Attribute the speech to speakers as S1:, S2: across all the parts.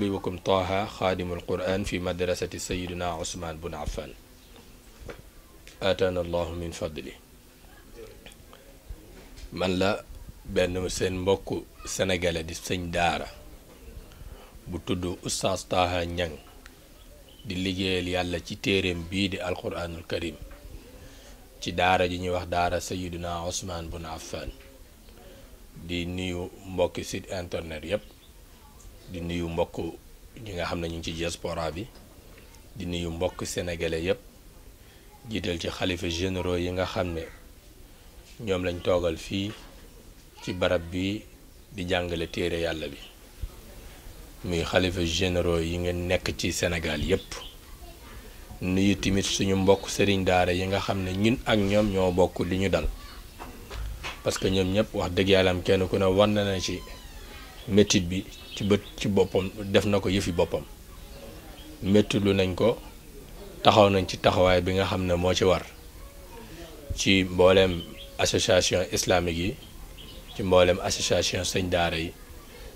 S1: حبيبكم طه خادم القرآن في مدرسة سيدنا عثمان بن عفان آتانا الله من فضله من لا بأن سين بوكو سنغالا دي سين دارا بتدو أستاذ طه نيان دي لجي يالا تي تيرم بي دي القرآن الكريم تي دارا جي نيوخ دارا سيدنا عثمان بن عفان دي نيو موكي سيد انترنت يب di nuyu mbokk ñi nga xam ne ñu ngi ci diaspora bi di nuyu mbokk sénégalais yépp jiital ci xalifa généraux yi nga xam ne ñoom lañ toogal fii ci barab bi di jàngale téere yàlla bi muy xalifa généraux yi nga nekk ci senegal yépp nuyu tamit suñu mbokk sëriñ daara yi nga xam ne ñun ak ñoom ñoo bokk li ñu dal parce que ñoom ñëpp wax dëgg yàlla am kenn ku ne war na na ci métit bi ci bët ci boppam def na ko yëfi boppam métti nañ ko taxaw nañ ci taxawaay bi nga xam ne moo ci war ci mbooleem association islamique yi ci mbooleem association sëñ daara yi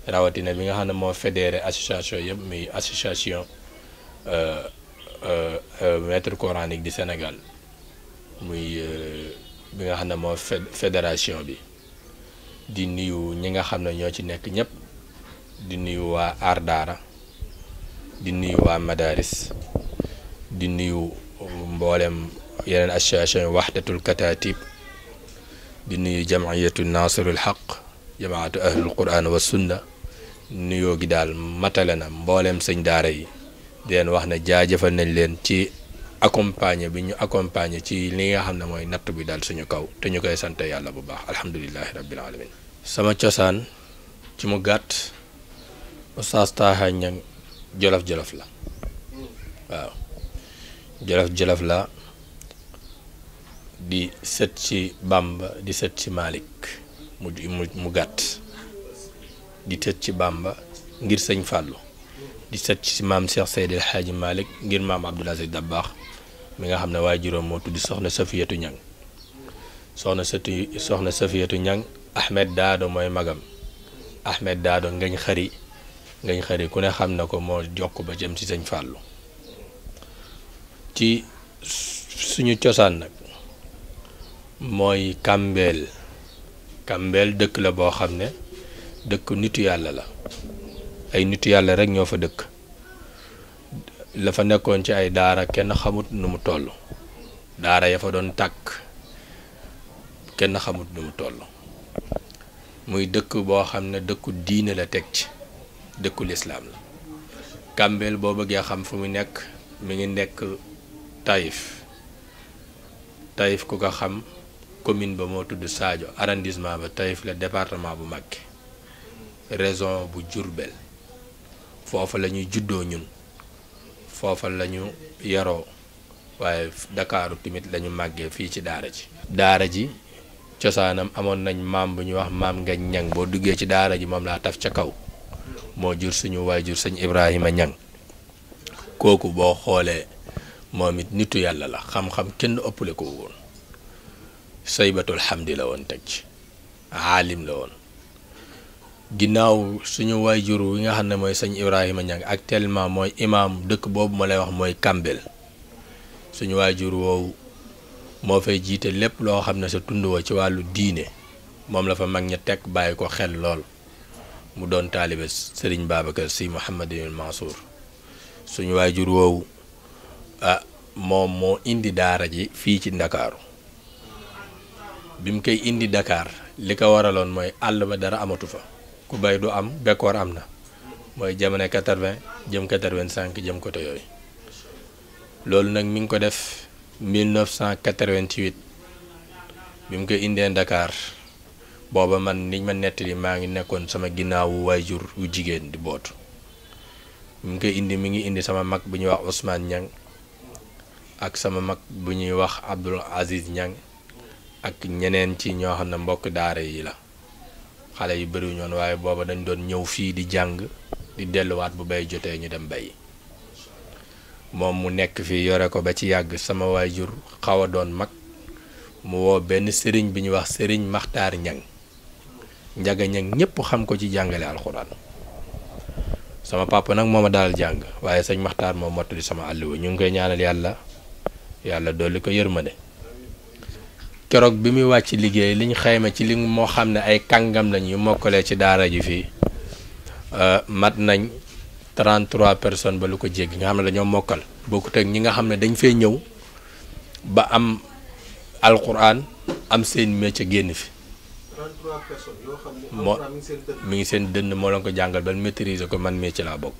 S1: rawatina bi nga xam ne moo fédéré association yëpp muy association euh, euh, euh, maître coranique du Sénégal muy bi nga xam ne moo fédération bi di nuyu ñi nga xam ne ñoo ci nekk ñëpp di nuyu waa aar daara di nuyu waa madaris di nuyu mbooleem yeneen association waxdatul kataatib di nuyu jamaiyatu naasirul xaq jamaatu ahlul quran wa sunna nuyoo gi daal matale na mbooleem sëñ daara yi di leen wax na jaajëfal nañ leen ci accompagner bi ñu accompagner ci li nga xam ne mooy natt bi daal suñu kaw te ñu koy sant yàlla bu baax alhamdulilahi rabbil alamin sama cosaan ci mu gàtt Oustaz Taha Niang jolof-jolof la waaw jolof-jolof la di sët ci Bamba di sët ci Malick mu mu gàtt di sët ci Bamba ngir sëñ Fàllu di sët ci maam Cheikh Seydil Hadji Malick ngir maam Abdoul Aziz Dabakh mi nga xam ne waaye juróom moo tudd soxna Safiyatu Niang soxna sëtu soxna Safiyatu Niang Ahmed Daado mooy magam Ahmed Daado ngañ xari ngay xëri ku ne xam na ko moo jokk ba jëm ci sañ Fàllu ci suñu cosaan nag mooy kàmbeel kàmbeel dëkk la boo xam ne dëkk nitu yàlla la ay nitu yàlla rek ñoo fa dëkk la fa nekkoon ci ay daara kenn xamut nu mu toll daara ya fa doon tàkk kenn xamut nu mu toll muy dëkk boo xam ne dëkku diine la teg ci dëkku lislaam la Kàmbeel boo bëggee xam fu mu nekk mu ngi nekk Taïf Taïf ku ko xam commune ba moo tudd Sadio arrondissement ba Taïf la département bu Mbacké région bu Diourbel foofa la ñuy juddoo ñun foofa la ñu yaroo waaye Ndakaaru tamit la ñu màggee fii ci daara ji daara ji cosaanam amoon nañ maam bu ñuy wax maam nga ñang boo duggee ci daara ji moom laa taf ca kaw moo jur suñu waajur sëñ Ibrahima Ñang kooku boo xoolee moom it nitu yàlla la xam-xam kenn ëppale ko woon saybatul di la woon teg ci aalim la woon ginnaaw suñu waajur wi nga xam ne mooy sëñ Ibrahima Ñang actuellement mooy imaam dëkk boobu ma lay wax mooy Kambel suñu waajur woowu moo fay jiite lépp loo xam ne sa tund wa ci wàllu diine moom la fa mag ña teg bàyyi ko xel lool mu doon taalibe sëriñ Babacar si Mouhamadinil Mansour suñu waajur woowu ah moom moo indi daara ji fii ci ndakaaru bi mu koy indi Dakar li ko waraloon mooy àll ba dara amatu fa ku bay du am bekkoor am na mooy jamono 80 jëm 85 jëm côté yooyu loolu nag mi ngi ko def 1988 bi mu koy indee ndakaar boba man niñ ma netti ma ngi nekkon sama ginaaw wayjur wu jigen di bot. mu ngi indi mi ngi indi sama mak buñu wax Ousmane Niang ak sama mak bu wax Abdul Aziz Niang ak ñeneen ci ño xamna mbokk daara yi la xalé yu bari ñoon waye boba dañ doon ñew fi di jang di wat bu bay jotee ñu dem bay mom mu nekk fi yoré ko ba ci yàgg sama wayjur xawa mak, doon mak mu wo ben serigne biñu wax serigne ñang njaga ñak ñepp xam ko ci jangale alquran sama papa nak moma dal jang waye señ sëñ mo moo sama allu ñu ngi ñaanal yalla yalla doli ko yermane kérok bi mi wacc liggéey liñ xeyma ci li mo xamne ay kangam lañ yu mokkalee ci daara ji euh mat nañ 33 personnes ba lu ko jégg nga xamne dañu mokal bokku tek ñi nga xamne dañ fay ñew ba am alquran am seen mecc génn fi
S2: 33 moo mi
S1: ngi seen dënn moo leen ko jàngal ba maîtriser ko man mii ci laa bokk.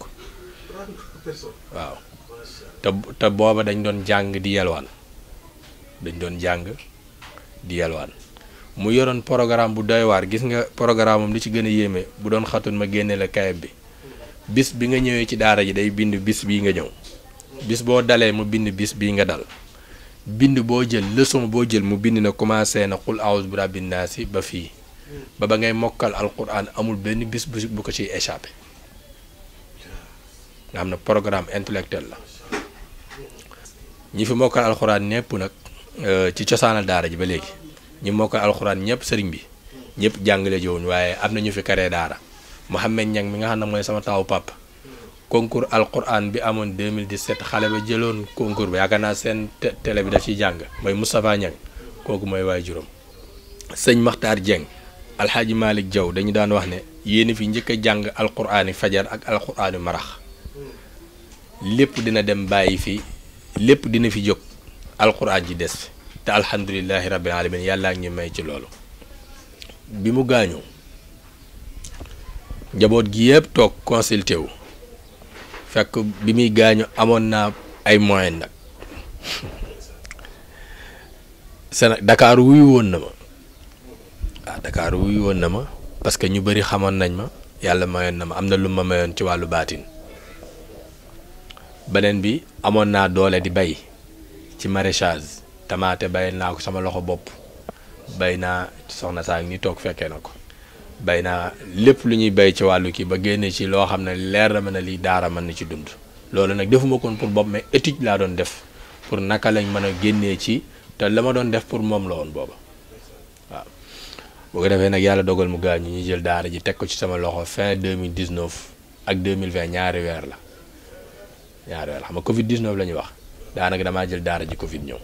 S1: waaw. te te booba dañ doon jàng di yelwaan dañ doon jàng di yelwaan mu yoroon programme bu doy waar gis nga programme am li ci gën a yéeme bu doon xatun ma génne la kayam bi bis bi nga ñëwee ci daara ji day bind bis bii nga ñëw bis boo dalee mu bind bis bii nga dal. bind bo jël leçon bo jël mu bind na commencé na qul a'udhu bi rabbin naasi ba fi ba ba ngay mokal alquran amul ben bis bu ko ci échapper nga amna programme intellectuel la ñi fi mokal alquran ñëpp nak euh, ci ciosana daara ji ba léegi ñi mokal alquran ñëpp sëriñ bi ñëpp jangale jiwuñ waye amna ñu fi carré daara mohammed ñang mi nga xamna moy sama taw papa concours alquran bi amoon 2017 xale ba jëloon concours ba yaakaar naa seen télé bi da ciy jàng mooy Moustapha Niang kooku mooy waay juróom sëñ Makhtar Dieng alxaaji Malick Diaw dañu daan wax ne yéen fi njëkk jàng jàng alquraani fajar ak alquraani marax lépp dina dem bàyyi fi lépp dina fi jóg alquraan ji des te alhamdulilahi rabbil alamin yàlla ngi may ci loolu bi mu gaañoo njaboot gi yëpp toog consulté wu fekk bi muy gaañu amoon naa ay moyen nag Séné Dakar wuyu woon na ma waaw ah, Dakar wuyu woon na ma parce que ñu bari xamoon nañ ma yàlla mayoon na ma am na lu ma mayoon ci wàllu baatin beneen bi amoon naa doole di bay ci maraîchage tamaate bay naa ko sama loxo bopp bay naa soxna saa ngi ni toog fekkee na ko bay naa lépp lu ñuy bay ci wàllu kii ba génnee ci loo xam ne leer la ma ne lii daara mën na ci dund loolu nag defuma kon pour bopp mais étit laa doon def pour naka lañ mën a génnee ci te la ma doon def pour moom la woon booba waaw boo ko defee nag yàlla dogal mu gaañ ñu ñu jël daara ji teg ko ci sama loxo fin 2019 ak 2020 ñaari weer la ñaari weer la xam nga Covid 19 la ñuy wax daanaka damaa jël daara ji Covid ñëw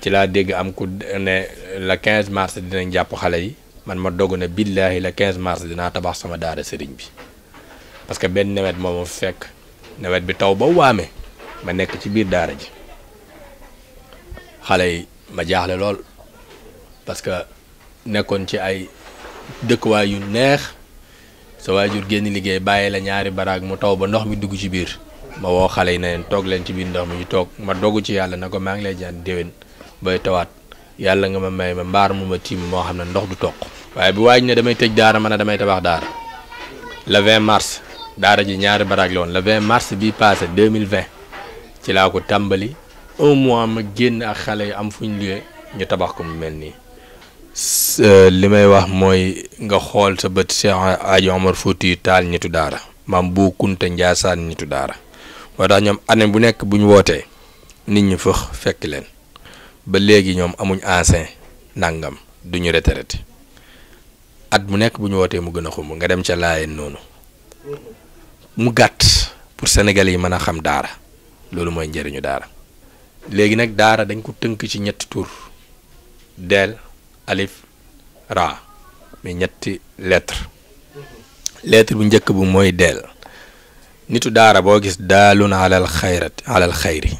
S1: ci laa dégg am ku ne la 15 mars dinañ jàpp xale yi. man ma dogg ne billaahi la 15 mars dinaa tabax sama daara sëriñ bi parce que benn nawet moo ma fekk nawet bi taw ba waame ma nekk ci biir daara ji xale yi ma jaaxle lool parce que nekkoon ci ay dëkkuwaay yu neex sa waajur génn liggéey bàyyi la ñaari baraag mu taw ba ndox mi dugg ci biir ma woo xale yi na leen toog leen ci biir ndox mi ñu toog ma dogg ci yàlla na ko maa ngi lay jaan déwén booy tawaat yàlla nga ma may ma mbaar mu ma tiim moo xam ne ndox du toq waaye bu waaj ne damay tëj daara ma ne damay tabax daara le mars daara ji ñaari baraag la woon le 20 mars bii passé 2020 ci laa ko tàmbali un mois ma génn ak xale yi am fu ñu liggéey ñu tabax ko mu mel nii euh, li may wax mooy nga xool sa bët Cheikh Aji Omar Fouti Taal ñitu daara maam Bou Kounta Ndiassane ñitu daara moo tax ñoom année bu nekk bu ñu wootee nit ñi fëx fekk leen ba léegi ñoom amuñ ancien nangam duñu retraité at bu nekk bu ñu wootee mu gën a xumb nga dem ca laayeen noonu mu gàtt pour sénégal yi mën a xam daara loolu mooy njëriñu daara léegi nag daara dañ ko tënk ci ñetti tur del alif ra mais ñetti lettre lettre bu njëkk bu mooy del nitu daara boo gis daalun alal xayrat alal xayri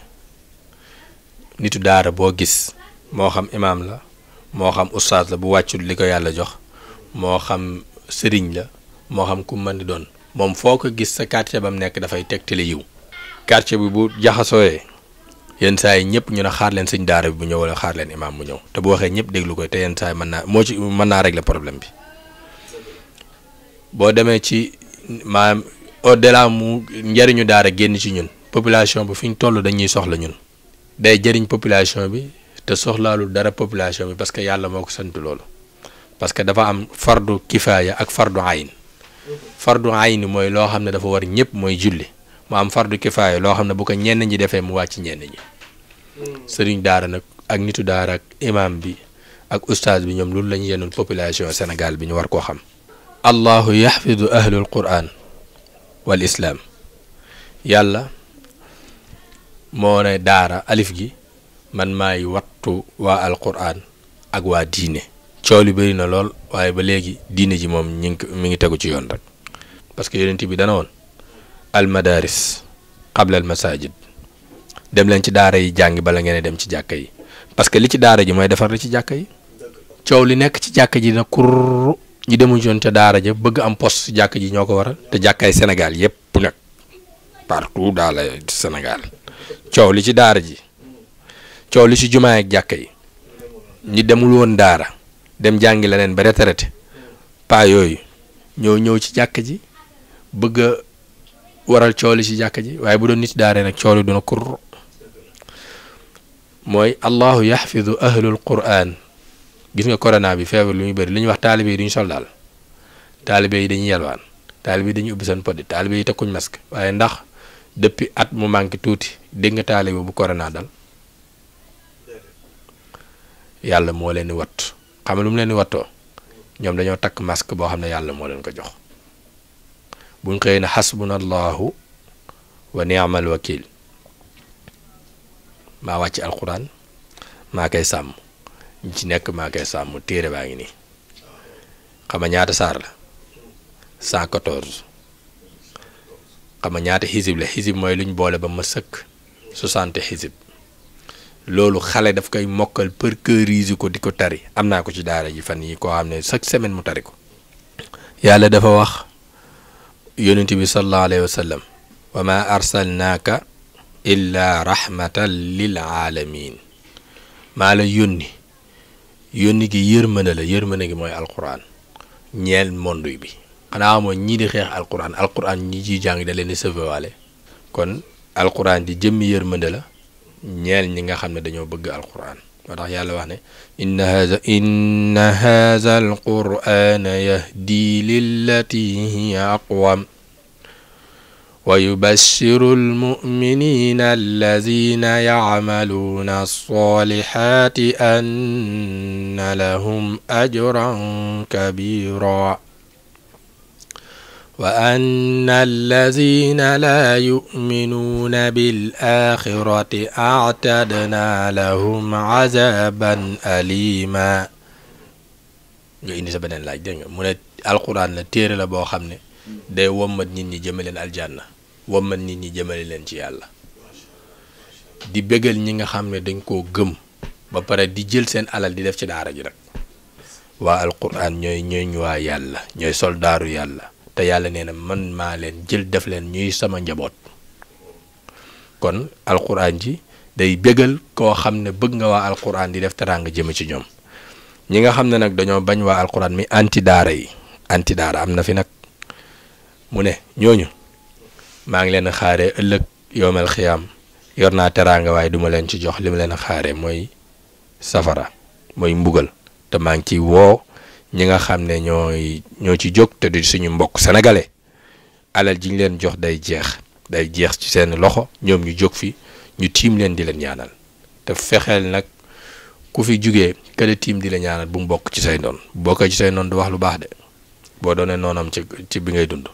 S1: nitu daara boo gis moo xam imaam la moo xam ustaas la bu wàccul li ko yàlla jox moo xam sëriñ la moo xam ku mën di doon moom foo ko gis sa quartier ba mu nekk dafay teg tegtale yiw quartier bi bu jaxasooyee yenn saa yi ñëpp ñu ne xaar leen sëñ daara bi bu ñëw wala xaar leen imaam bu ñëw te bu waxee ñëpp déglu ko te yenn saa yi mën naa moo ci mën naa la problème bi boo demee ci maanaam au mu njariñu daara génn ci ñun population bi fi ñu toll dañuy soxla ñun day jëriñ population bi te soxlaalu dara population bi parce que yàlla moo ko sant loolu parce que dafa am fardu kifaaya ak fardu ayin fardu ayin mooy loo xam ne dafa war ñëpp mooy julli mu am fardu kifaaya loo xam ne bu ko ñenn ñi defee mu wàcc ñenn ñi sëriñ daara nag ak nitu daara ak imaam bi ak ustaaz bi ñoom loolu lañu yenul yenoon population Sénégal bi ñu war koo xam allahu yaxfidu ahlul quran wal islaam yàlla moo ne daara alif gi man maay wattu waa alquran ak waa diine coow li bëri na lool waaye ba léegi diine ji moom ñi ngi mi ngi tegu ci yoon rek parce que yonent bi dana woon al madaris qabla al masajid dem leen ci daara yi jàngi bala ngeen dem ci jàkka yi parce que li ci daara ji mooy defar li ci jàkka yi coow li nekk ci jàkka ji nag kur ñu demu joon te daara ja bëgg am post ci jàkka ji ñoo ko waral te jàkkaay Sénégal yépp nekk partout daa le Sénégal coow li ci daara ji coow lu ci jumaa ak jàkka yi ñi demul daara dem jàngi leneen ba retraité paa yooyu ñoo ñëw ci jàkka ji bëgg a waral coow li ci jàkka ji waaye bu doon nit daaree nag coow li duna kur mooy allahu yaxfidu ahlul quraan gis nga corona bi feebar lu ñu bëri li ñuy wax taalibe yi duñu sol daal taalibe yi dañuy yelwaan taalibe yi dañu ubbi seen poddi taalibe yi takkuñ masque waaye ndax depuis at mu manqué tuuti dégg nga taalibe bu corona dal yàlla moo leen di watt xam lu mu leen di wattoo ñoom dañoo takk masque boo xam ne yàlla moo leen ko jox buñ xëy na xasbuna allahu wa niamal wakil maa wàcc alquran maa koy sàmm ñi ci nekk maa koy sàmm téere baa ngi nii xam a ñaata saar la 114 xam ñaata xisib la xisib mooy luñ boole ba ma sëkk soixante xisib loolu xale daf koy mokkal parkeuriser ko di ko tari am naa ko ci daara ji fan yi koo xam ne chaque semaine mu tari ko yàlla dafa wax yonent bi sallallahu alayhi wa sallam wa ma arsalnaaka illa rahmatan lil aalamin maa la yónni yónni gi yërmande la yërmande gi mooy alquran ñeel monde bi xanaa ñii di xeex alquran alquran ñi ciy jàng di sauvewaale kon ñeel ñi nga xam ne dañoo bëgg alquran moo tax yàlla wax ne inna haza inna haza lillati hiya aqwam wa yubashiru almuminina allazina yacmaluuna alsalihati anna ajran kabira وأن الذين لا يؤمنون بالآخرة أعتدنا لهم عذابا أليما nga indi sa beneen laaj dégg nga mu ne alquran la téere la boo xam ne day wommat nit ñi jëmale leen aljanna wommat nit ñi jëmale leen ci yàlla di bégal ñi nga xam ne dañ koo gëm ba pare di jël seen alal di def ci daara ji rek waa alquran ñooy ñooñ waa yàlla ñooy soldaaru yàlla te yàlla nee na man maa leen jël def leen ñuy sama njaboot kon alxuraan ji day bégal koo xam ne bëgg nga waa alxuraan di def teraanga jëm ci ñoom ñi nga xam ne nag dañoo bañ waa alquran mi anti daara yi anti daara am na fi nag mu ne ñooñu maa ngi leen xaaree ëllëg yoomal xiyaam yor naa teraanga waaye duma leen ci jox li ma leen xaaree mooy safara mooy mbugal te maa ngi ciy woo. ñi nga xam ne ñooy ñoo ci jóg te du suñu mbokk sénégalais alal ji ñu leen jox day jeex day jeex ci seen loxo ñoom ñu jóg fi ñu tiim leen di leen ñaanal te fexeel nag ku fi jugee kële tiim di la ñaanal bu mu bokk ci say noon bokkee ci say noon du wax lu baax de boo doonee noonam ci ci bi ngay dund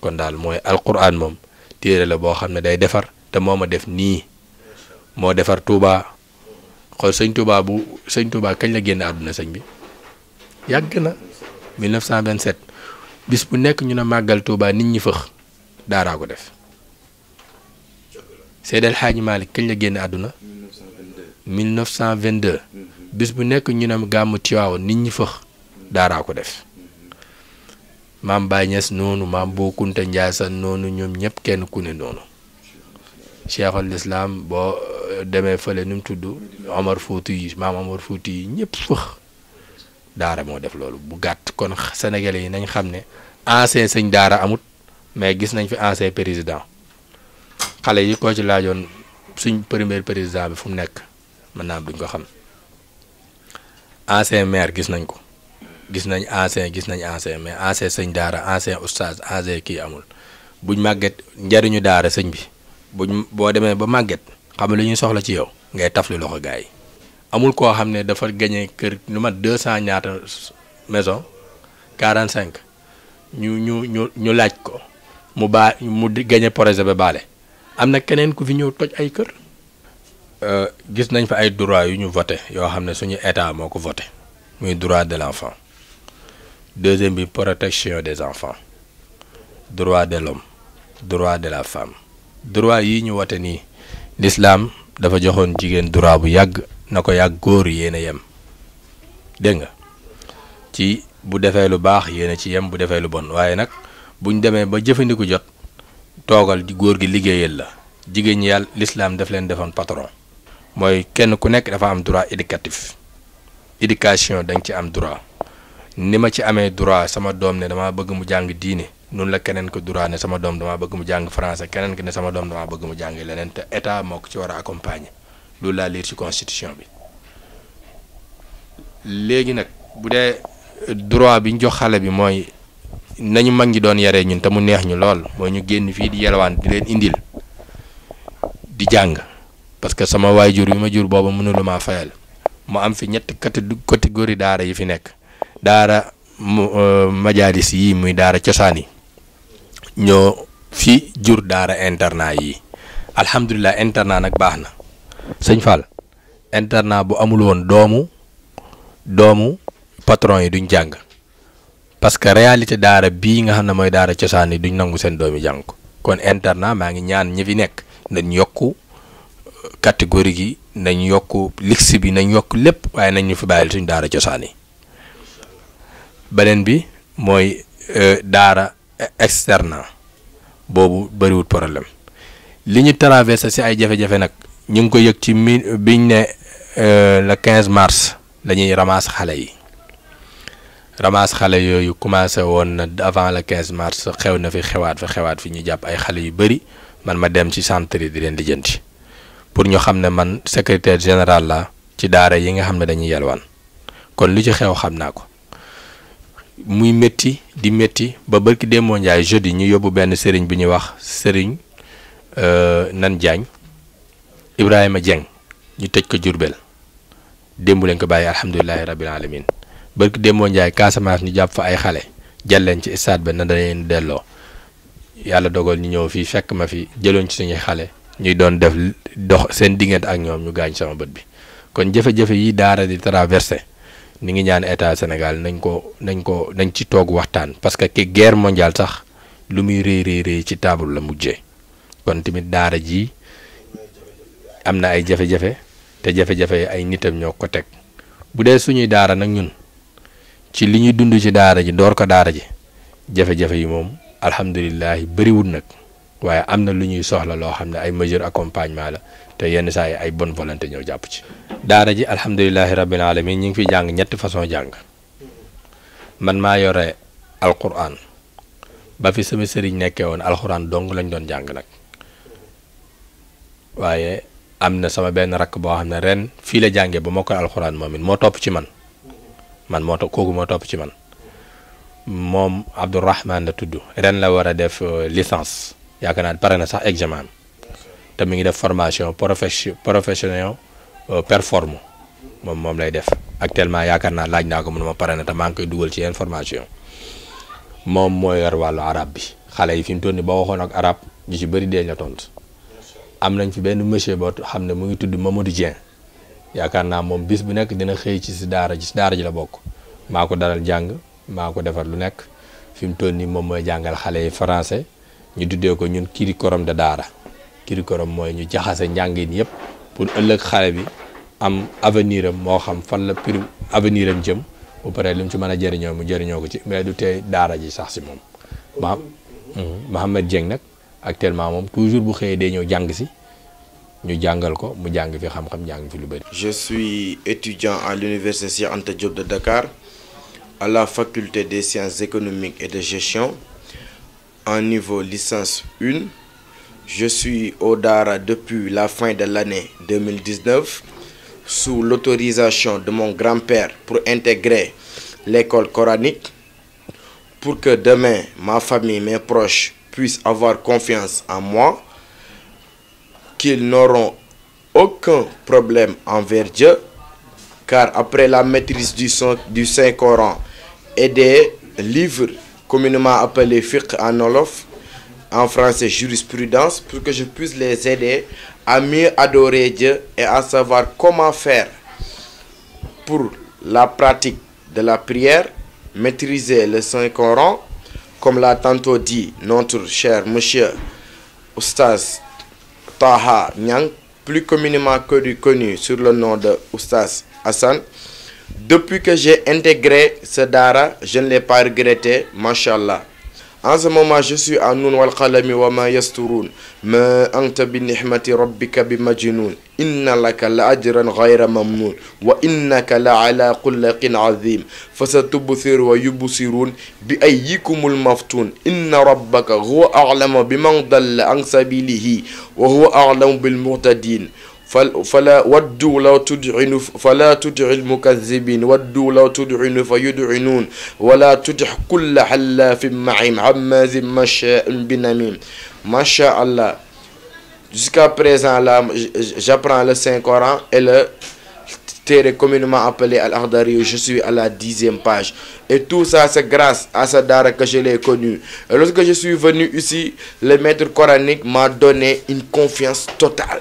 S1: kon daal mooy alquran moom téere la boo xam ne day defar te moo ma def nii moo defar Touba xool sëñ Touba bu sëñ Touba kañ la génn àdduna sëñ bi. yàgg na 1927 bis bu nekk ñu ne màggal Touba nit ñi fëx daaraa ko def Seydal Xaaji Malick kañ la génn àdduna 1922 bis bu nekk ñu ne gàmmu Tiwaawan nit ñi fëx daaraa ko def maam Baye noonu maam Bou Kounta Ndiassane noonu ñoom ñëpp kenn ku noonu cheikhul islam boo demee fële nu mu tudd Omar Fouti yi maam Omar Fouti yi ñëpp fëx daara moo def loolu bu gàtt kon sénégalais yi nañ xam ne ancien sëñ daara amut mais gis nañ fi ancien président xale yi koo ci laajoon suñ premier président bi fu mu nekk mën naa duñ ko xam ancien maire gis nañ ko gis nañ ancien gis nañ ancien mais ancien sëñ daara ancien oustaz ancien kii amul buñ màgget njariñu daara sëñ bi buñ boo demee ba màgget xam lu ñuy soxla ci yow ngay taf li loxo gars yi amul koo xam ne dafa gañe kër lu ma deux cent ñaata maison quarante cinq ñu ñu ñu ñu laaj ko mu baa mu gañe projet ba baale am na keneen ku fi ñëw toj ay kër euh, gis nañ fa ay droit yu ñu vote yoo xam ne suñu état moo ko voté muy droit de l'enfant deuxième bi protection des enfants droit de l'homme droit de la femme droit yi ñu wote nii lislaam dafa joxoon jigéen droit bu yàgg na ko yàgg góor yéen a yem dégg nga ci bu defee lu baax yéen ci yem bu defee lu bon waaye nag buñ demee ba jëfandiku jot toogal góor gi liggéeyal la jigéen ñi yàlla lislaam daf leen defoon patron mooy kenn ku nekk dafa am droit éducatif éducation dañ ci am droit ni ma ci amee droit sama doom ne dama bëgg mu jàng diine noonu la keneen ko droit ne sama doom dama bëgg mu jàng français keneen ki ne sama doom dama bëgg mu jàng leneen te état moo ko ci war a accompagner loolu laa liir ci constitution bi léegi nag bu dee droit bi ñu jox xale bi mooy nañu mag ñi doon yaree ñun te mu neex ñu lool ñu génn di yelwaan di leen indil di jàng parce que sama waay jur bi ma jur booba mënulu maa fayal mu am fi ñetti catégorie daara yi fi nekk daara euh, majalis yi muy daara cosaan yi fi jur daara internat yi alhamdulilah internat nak baax sëñ Fall internat bu amul woon doomu doomu patron yi duñ jàng parce que réalité daara bii nga xam ne mooy daara cosaan yi duñ nangu seen doom yi jàng ko kon internat maa ngi ñaan ñi fi nekk nañ yokku euh, catégorie gi nañ yokku lix bi nañ yokk lépp waaye nañ ñu fi bàyyil suñ daara cosaan yi beneen bi mooy euh, daara externe boobu bëriwul problème li ñu traversé si ay jafe-jafe nag ñu ngi ko yëg ci mi biñ ne euh, la 15 mars lañuy ramasse xale yi ramasse xale yooyu commencé woon na avant le 15 mars xew na fi xewaat fi xewaat fi ñu jàpp ay xale yu bëri man ma dem ci centre di leen lijjanti pour ñu xam ne man secretaire général la ci daara yi nga xam ne dañuy yalwaan kon lu ci xew xam naa ko muy métti di métti ba barki démboo njaay jeudi ñu yóbbu benn sëriñ bi ñuy wax sëriñ nan jaañ Ibrahima Dieng ñu tëj ko Jurbel démb lañ ko bàyyi alhamdulilahi rabbil alamin barki démboo Ndiaye Casamance ñu jàpp fa ay xale jël leen ci stade ba na dañeen delloo yàlla dogal ñu ñëw fii fekk ma fi jëloon ci suñuy xale ñuy doon def dox seen diggante ak ñoom ñu gaañ sama bët bi kon jafe-jafe yi daara di traversé ni ngi ñaan état Sénégal nañ ko nañ ko nañ ci toog waxtaan parce que ki guerre sax lu muy réy réy réy ci table la mujjee kon tamit daara am na ay jafe-jafe te jafe-jafe ay nitam ñoo ko teg bu dee suñuy daara nag ñun ci li ñuy dund ci daara ji door ko daara ji jafe-jafe yi moom alhamdulilah bëriwul nag waaye am na lu ñuy soxla loo xam ne ay mesure accompagnement la te yenn saa yi ay bonne volonté ñoo jàpp ci. daara ji alhamdulilah rabbil alamin ñu ngi fi jàng ñetti façon jàng man maa yore alquran ba fi sama nekkee woon alquran dong lañ doon jàng nag waaye am na sama benn rakk boo xam ne ren fii la jàngee ba ma koy alxuraan moom it moo topp ci man man moo topp kooku moo topp ci man moom Abdourahman la tudd ren la war a def euh, licence yaakaar naa pare na sax examen te mi ngi def formation profession professionnel euh, performe moom moom lay def actuellement yaakaar naa laaj naa ko mun ma pare na te maa ngi koy dugal ci information moom mooy yor wàllu arab bi xale yi fi mu toll nii boo waxoon ak arab ñu ci bëri dee la tontu. am nañ fi benn monsieur boo xam ne mu ngi tudd Mamadou Dieng yaakaar naa moom bis bu nekk dina xëy ci si daara ji daara ji la bokk maa ko dalal jàng maa ko defar lu nekk fi mu toll nii moom mooy jàngal xale yi français ñu tuddee ko ñun curriculum de daara curriculum mooy ñu jaxase njàngin yëpp pour ëllëg xale bi am avenir moo xam fan la prime avenir am jëm bu paree lu ci mën a jëriñoo mu jëriñoo ko ci mais du tey daara ji sax si moom. Maam mhm, Mouhamed Dieng nag. actuellement toujours
S2: je suis étudiant à l'université Cheikh Diop de Dakar à la faculté des sciences économiques et de gestion en niveau licence 1 je suis au Dara depuis la fin de l'année 2019 sous l'autorisation de mon grand-père pour intégrer l'école coranique pour que demain ma famille mes proches puissent avoir confiance en moi, qu'ils n'auront aucun problème envers Dieu, car après la maîtrise du, du Saint-Coran et des livres communément appelés fiqh en Olof, en français jurisprudence, pour que je puisse les aider à mieux adorer Dieu et à savoir comment faire pour la pratique de la prière, maîtriser le Saint-Coran comme l'a tantôt dit notre cher monsieur Oustaz Taha Nyang, plus communément connu, connu sur le nom de Oustaz Hassan. Depuis que j'ai intégré ce Dara, je ne l'ai pas regretté, mashallah. عزم ما جسي أنون والقلم وما يسترون ما أنت بنعمة ربك بمجنون إن لك لأجرا غير ممنون وإنك لعلى قلق عظيم فستبثر ويبصرون بأيكم المفتون إن ربك هو أعلم بمن ضل عن سبيله وهو أعلم بالمهتدين فلا ودوا لو فلا تدع المكذبين ودوا لو ولا تدع كل حلاف معيم مشاء بنميم ما شاء الله jusqu'à présent là j'apprends le Saint Coran et le terre communément appelé Al-Akhdari je suis à la dixième page et tout ça c'est grâce à Sadara Dar que je l'ai connu lorsque je suis venu ici le maître coranique m'a donné une confiance totale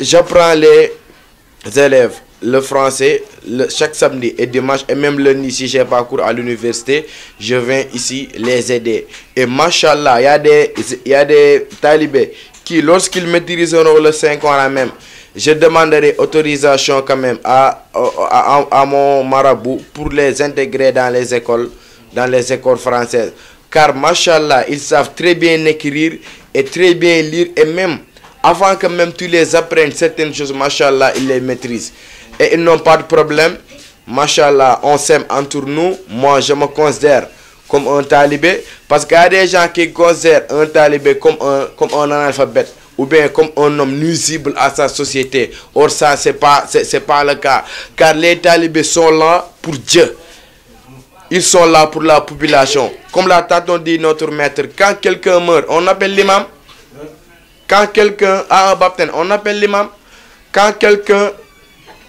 S2: j'apprends les élèves le français le, chaque samedi et dimanche et même lundi si j'ai pas cours à l'université je viens ici les aider et machallah il y a des il y a des talibés qui lorsqu'ils maîtriseront le 5 ans même je demanderai autorisation quand même à, à, à, mon marabout pour les intégrer dans les écoles dans les écoles françaises car machallah ils savent très bien écrire et très bien lire et même avant que même tu les apprennes certaines choses, machallah, ils les maîtrisent. Et ils n'ont pas de problème. Machallah, on s'aime entre nous. Moi, je me considère comme un talibé. Parce qu'il y a des gens qui considèrent un talibé comme un, comme un analphabète ou bien comme un homme nuisible à sa société. Or, ça, ce n'est pas, c'est, pas le cas. Car les talibés sont là pour Dieu. Ils sont là pour la population. Comme l'a tant dit notre maître, quand quelqu'un meurt, on appelle l'imam. Quand quelqu'un a un baptême, on appelle l'imam. Quand quelqu'un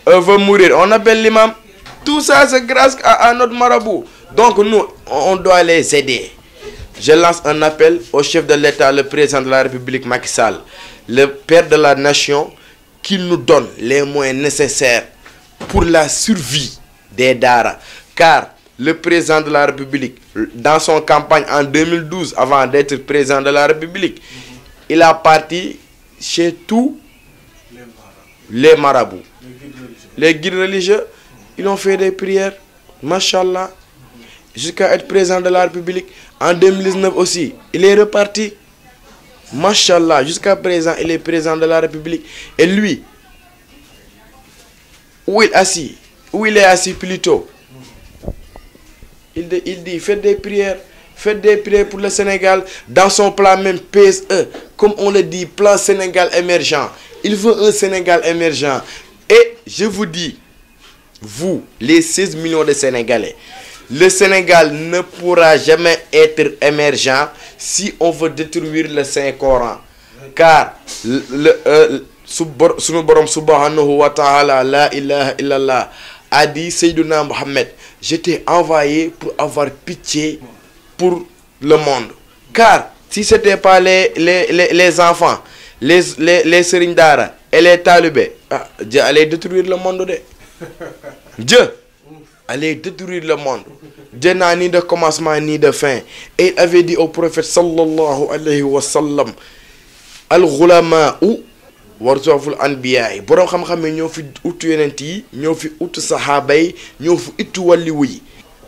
S2: euh, veut mourir, on appelle l'imam. Tout ça, c'est grâce à, notre marabout. Donc nous, on doit les aider. Je lance un appel au chef de l'État, le président de la République Macky le père de la nation, qui nous donne les moyens nécessaires pour la survie des Dara. Car le président de la République, dans son campagne en 2012, avant d'être président de la République, il a parti chez tous les marabouts. Les guides religieux, ils ont fait des prières, machallah jusqu'à être présent de la République. En 2019 aussi, il est reparti, machallah jusqu'à présent, il est présent de la République. Et lui, où il est assis, où il est assis plutôt, il, il dit, faites des prières faites des prières pour le Sénégal dans son plan même PSE, comme on le dit, plan Sénégal émergent. Il veut un Sénégal émergent. Et je vous dis, vous, les 16 millions de Sénégalais, le Sénégal ne pourra jamais être émergent si on veut détruire le Saint-Coran. Car le, euh, subhanahu wa ta'ala la ilaha a dit Sayyiduna Mohamed je envoyé pour avoir pitié pour le monde. Car si ce n'était pas les, les, les, les, enfants, les, les, les Dara et les talibés, ah, Dieu allait détruire le monde. De... Dieu allait détruire le monde. Dieu n'a ni de commencement ni de fin. Et il avait dit au prophète sallallahu alayhi wa sallam, Al-Ghulama ou warsaful anbiya Pour boroom xam-xam yi ñoo fi utu yonent yi ñoo fi utu saxaaba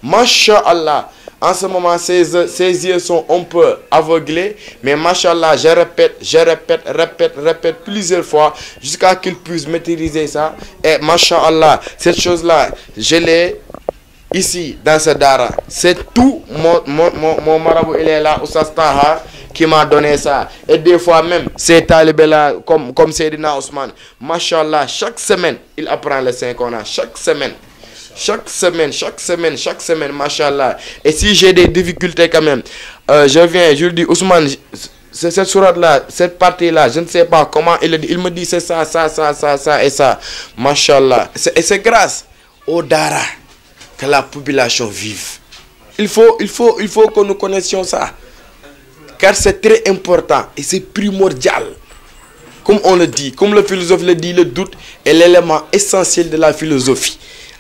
S2: masha'allah en ce moment, ses, yeux sont un peu aveuglés, mais machallah, je répète, je répète, répète, répète plusieurs fois jusqu'à qu'il puisse maîtriser ça. Et machallah, cette chose-là, je l'ai ici dans ce dara. C'est tout mon, mon, mon, marabout, il est là, Ousastaha, qui m'a donné ça. Et des fois même, c'est Talibela comme, comme Sedina Ousmane, machallah, chaque semaine, il apprend le saint a. chaque semaine. Chaque semaine, chaque semaine, chaque semaine, machallah. Et si j'ai des difficultés quand même, euh, je viens, je lui dis, Ousmane, cette sourate là, cette partie là, je ne sais pas comment il, il me dit c'est ça, ça, ça, ça, ça et ça. Machallah. Et c'est grâce au Dara que la population vive. Il faut, il faut, il faut que nous connaissions ça. Car c'est très important et c'est primordial. Comme on le dit, comme le philosophe le dit, le doute est l'élément essentiel de la philosophie.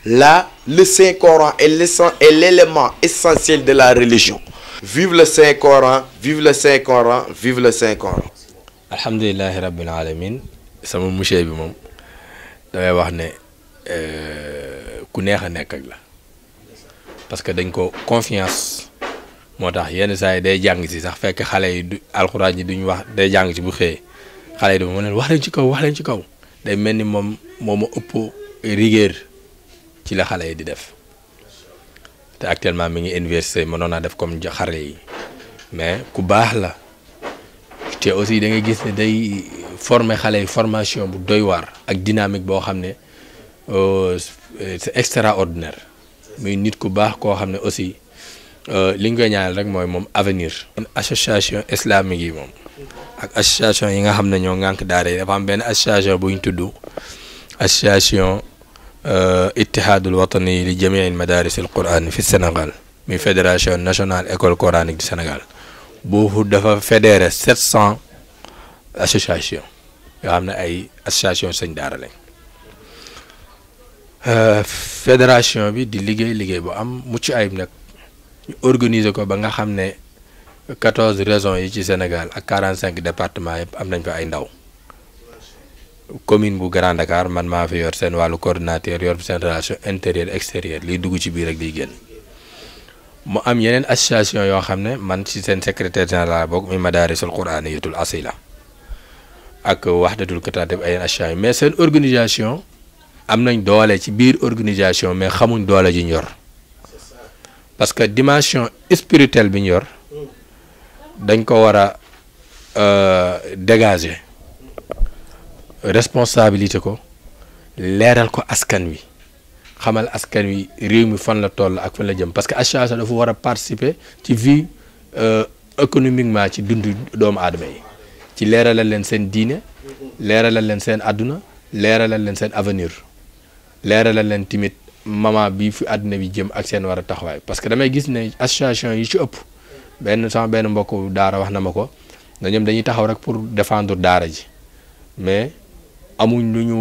S2: Là, le Saint-Coran est l'élément essentiel de la religion. Vive le Saint-Coran, vive le Saint-Coran, vive le Saint-Coran.
S1: Alhamdulillah, rabbil alamin sama monsieur bi wax ne euh, parce que confiance motax yene say day jang ci sax fekk xalé yi alcorane wax day jang ci bu xé xalé du wax len ci kaw wax rigueur ci la xale yi di def te actuellement mi ngi université mënoon naa def comme xale yi mais ku baax la te aussi da ngay gis ne day former xale yi formation bu doy waar ak dynamique boo xam ne euh, c'est extraordinaire muy nit ku baax koo xam ne aussi euh, li ñu koy rek mooy moom avenir. association islamique yi moom ak association yi nga xam ne ñoo ngànk daara yi dafa am benn association bu ñu tudd association. الاتحاد آه، الوطني لجميع المدارس القران في السنغال من فيدراسيون ناشونال اكول قرآن في سنغال بو دفا فدرة 700 اسوسياسيون يامنا اي اسوسياسيون سن دار لين ا فيدراسيون بي دي ليغي ليغي بو ام موتشي ايب نك اورغانيزي كو باغا خامني 14 ريزون يي سي سنغال ا 45 ديبارتمان يب ام نان فا اي نداو commune bu Grand Dakar man coordinateur yor relation intérieure extérieure li ci am association secrétaire général je mi asila ak mais sen organisation am nañ ci organisation mais xamuñ ji parce que dimension spirituelle bi ñor dañ euh, dégager. responsabilité ko leeral ko askan wi xamal askan wi réew mi fan la toll ak fan la jëm parce que assurance dafa war a participer ci vie euh, économiquement ci dundu doomu aadama yi ci leeralal leen seen diine leeralal leen seen adduna leeralal leen seen avenir leeralal leen tamit mama bi fi àdduna bi jëm ak seen war a taxawaay parce que damay gis ne association yi ci ëpp benn sama benn mbokku daara wax na ma ko na ñoom dañuy taxaw rek pour défendre daara ji amuñ lu ñu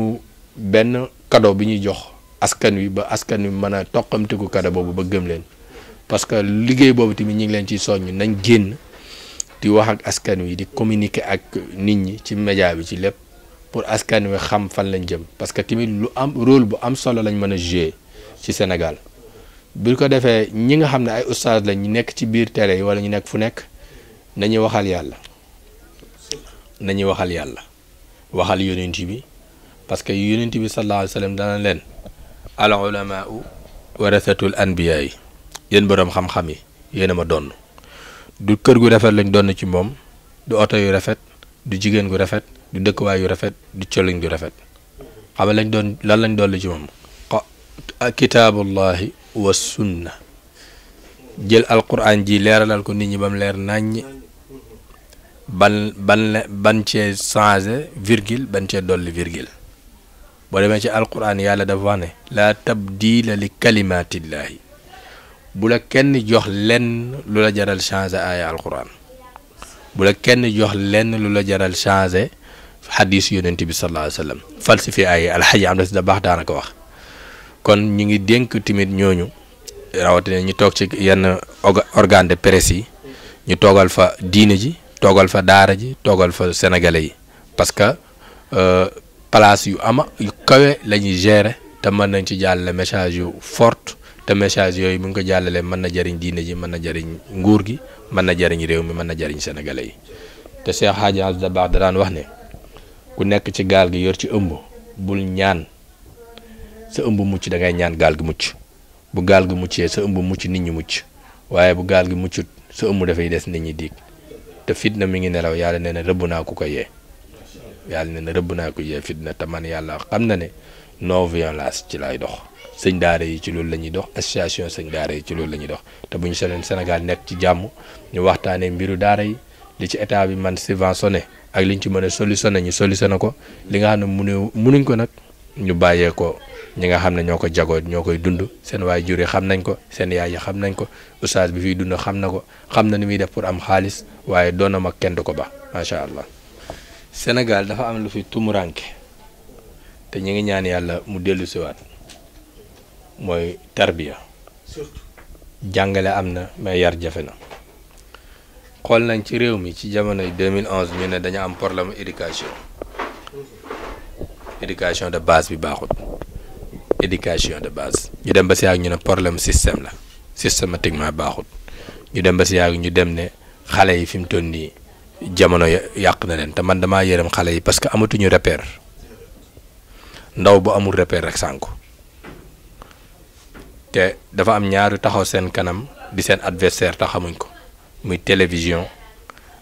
S1: benn cadeau bi ñuy jox askan wi ba askan wi mën a toqamtiku cadeau boobu ba gëm leen parce que liggéey boobu tamit ñu ngi leen ci soññ nañ génn di wax ak askan wi di communiquer ak nit ñi ci média bi ci lépp pour askan wi xam fan lañ jëm parce que tamit lu am rôle bu am solo lañ mën a jouer ci Sénégal bi ko defee ñi nga xam ne ay ustaas lañ ñu nekk ci biir télé yi wala ñu nekk fu nekk nañuy waxal yàlla nañuy waxal yàlla waxal yonent bi parce que yonent bi sallallahu alayhi wa sallam dana leen al ulamaau warasatul anbiya yi yéen boroom xam-xam yi yéen ma donn du kër gu rafet lañ donn ci moom du oto yu rafet du jigéen gu rafet du dëkkuwaay yu rafet du colin gu rafet xam lañ doon lan lañ dolli ci moom kitaabullahi wa sunna jël alquran ji leeralal ko nit ñi ba leer nàññ ban ban ban cee changé virgule ban cee dolli virgule boo demee ci alquran yàlla dafa wax ne laa tabdiila li kalimaatillaahi bu la kenn jox lenn lu la jaral changé aaya alquran bu la kenn jox lenn lu la jaral changé xadiis yonent bi sallallaahu alayhi wa sallam falsifié ay alxaji am da si da baax daanaka wax kon ñu ngi dénk tamit ñooñu rawatina ñu toog ci yenn organe de presse yi ñu toogal fa diine ji toogal fa daara ji toogal fa sénégalais yi parce que euh, place yu ama yu kawe la ñuy gérer te mën nañ ci jàllale message yu fort te message yooyu mu ngi ko jàllalee mën na jariñ diine ji mën na jariñ nguur gi mën na jariñ réew mi mën na jariñ sénégalais yi te Cheikh Hadji Abdou Dabakh da daan wax ne ku nekk ci gaal gi yor ci ëmb bul ñaan sa ëmb mucc da ngay ñaan gaal gi mucc bu gaal gi muccee sa ëmb mucc nit ñi mucc waaye bu gaal gi muccut sa ëmb dafay des nit ñi di te fitna mi ngi nelaw yàlla nee na rëbb naa ku ko yee yàlla nee na rëbb naa ko yee fitna te man yàlla xam na ne non violence ci lay dox sëñ daara yi ci loolu la ñuy dox association sëñ daara yi ci loolu la ñuy dox te bu ñu seneen Sénégal nekk ci jàmm ñu waxtaanee mbiru daara yi li ci état bi man subventionné ak liñ ci mën a solutionné ñu solutionné ko li nga xam ne mënu mënuñ ko nag ñu bàyyee ko ñi nga xam ne ñoo ko jagoot ñoo koy dund seen waay jur yi xam nañ ko seen yaay yi xam nañ ko oustaz bi fiy dund xam na ko xam na ni muy def pour am xaalis waaye doona mag kenn du ko ba macha allah. Sénégal dafa am lu fi tumuranke te ñu ngi ñaan yàlla mu dellu siwaat mooy tarbiya surtout jàngale am na mais yar jafe na xool nañ ci réew mi ci jamonoy 2011 ñu ne dañu am problème éducation éducation de base bi baaxut éducation de base ñu dem ba si yàgg ñu ne problème système la systématiquement baaxut ñu dem ba si yàgg ñu dem ne xale yi fi mu toll nii jamono yàq na leen te man damaa yërëm xale yi parce que amatuñu repère ndaw bu amul repère rek sànku te dafa am ñaari taxaw seen kanam di seen adversaire te xamuñ ko muy télévision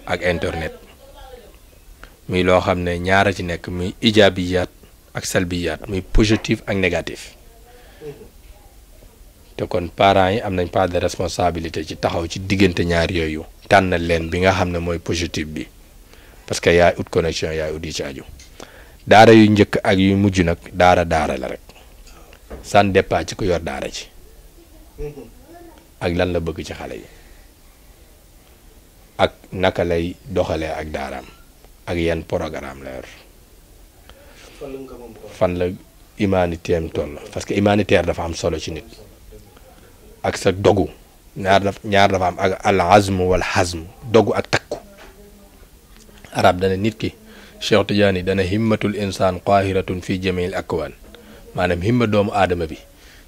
S1: ak internet muy loo xam ne ñaara ci nekk muy ijaabiyaat ak salbiyaat muy positif ak négatif te kon parent yi am nañ part de responsabilité ci taxaw ci diggante ñaar yooyu tànnal leen bi nga xam ne mooy positif bi parce que yaay ut connection yaay ut yi ci aju daara yu njëkk ak yu mujj nag daara daara la rek san départ ci ku yor daara ci ak lan la bëgg ci xale yi ak naka lay doxalee ak daaraam ak yan programme la yor fan la humanité am toll parce que humanitaire dafa am solo ci nit ak sa dogu ñaar daf ñaar dafa am al azm wal hazm dogu ak takku arab dana nit ki Cheikh Tidiane dana himmatul insan qahiratun fi jamiil akwan manam himma doomu adama bi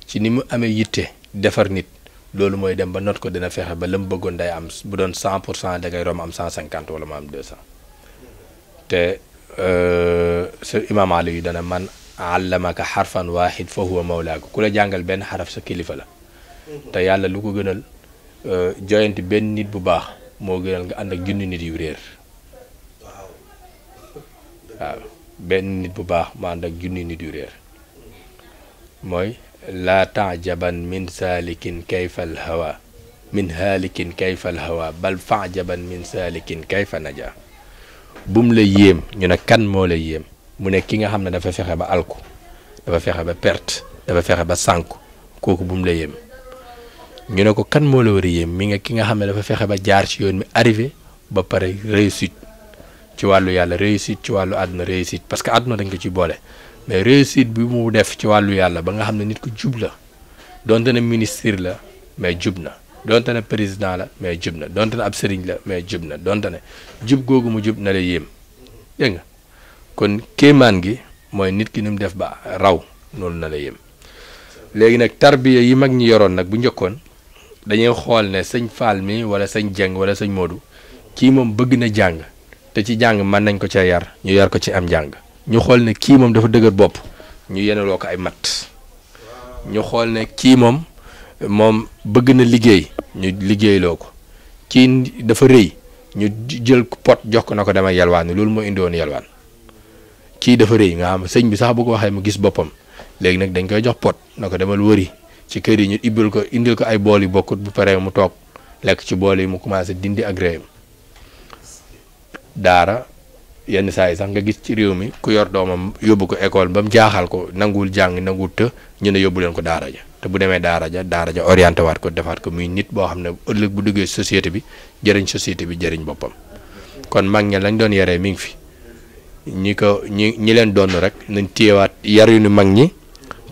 S1: ci ni mu amee yitte defar nit loolu moy dem ba note ko dina fexe ba lam bëggon day am bu doon 100% pour da ngay rom am 150 wala am 200 te Euh, sa imaam Ali yu dana man allamaka xarfan waaxid fa huwa mawlaaka ku la jàngal benn xaraf sa kilifa la te yàlla lu ko gënal euh, joyante benn nit bu baax moo gënal nga ànd ak junni nit yu réer waaw benn nit bu baax ma ànd ak min saalikin kayfal hawa min haalikin kayfal hawa bal faajaban min saalikin kayfa najaa bu la yéem ñu ne kan moo la yéem mu ne ki nga xam ne dafa fexe ba alku dafa fexe ba perte dafa fexe ba sànku kooku bu mu la yéem ñu ne ko kan moo la war a yéem mi nga ki nga xam ne dafa fexe ba jaar ci yoon mi arriver ba pare réussite ci wàllu yàlla réussite ci wàllu àdduna réussite parce que àdduna dañ ko ci boole mais réussite bi mu def ci wàllu yàlla ba nga xam ne nit ku jub la donte na ministre la mais jub na donte ne président la mais jub na donte ne ab sëriñ la mais jub na donte ne jub googu mu jub na la yéem dégg kon kéemaan gi mooy nit ki ni mu def ba raw noonu na la yéem léegi nag tarbiya yi mag ñi yoroon nag bu njëkkoon dañuy xool ne sëñ Faal mi wala sañ Jeng wala sañ Moodu kii moom bëgg na jàng te ci jàng mën nañ ko ca yar ñu yar ko ci am jàng ñu xool ne kii moom dafa dëgër bopp ñu yeneloo ko ay mat ñu xool ne kii moom moom bëgg na liggéey ñu liggéeyloo ko kii dafa rëy ñu jël pot jox ko na ko damay yalwaan loolu moo indi woon yalwaan kii dafa rëy nga xam sëñ bi sax bu ko waxee mu gis boppam léegi nag dañ koy jox pot na ko demal wëri ci kër yi ñu ibbil ko indil ko ay bool yu bokkut bu paree mu toog lekk ci bool yi mu commencé dindi ak réyam daara yenn saay sax nga gis ci réew mi ku yor doomam yóbbu ko école ba mu jaaxal ko nangul jàng nangul të ñu ne yóbbu leen ko daara ja te bu demee daara ja daara ja orienté waat ko defaat ko muy nit boo xam ne ëllëg bu duggee société bi jëriñ société bi jëriñ boppam kon mag ñe lañ doon yaree mi ngi fi ñi ko ñi ñi leen doon rek nañ téyewaat yar yu ni mag ñi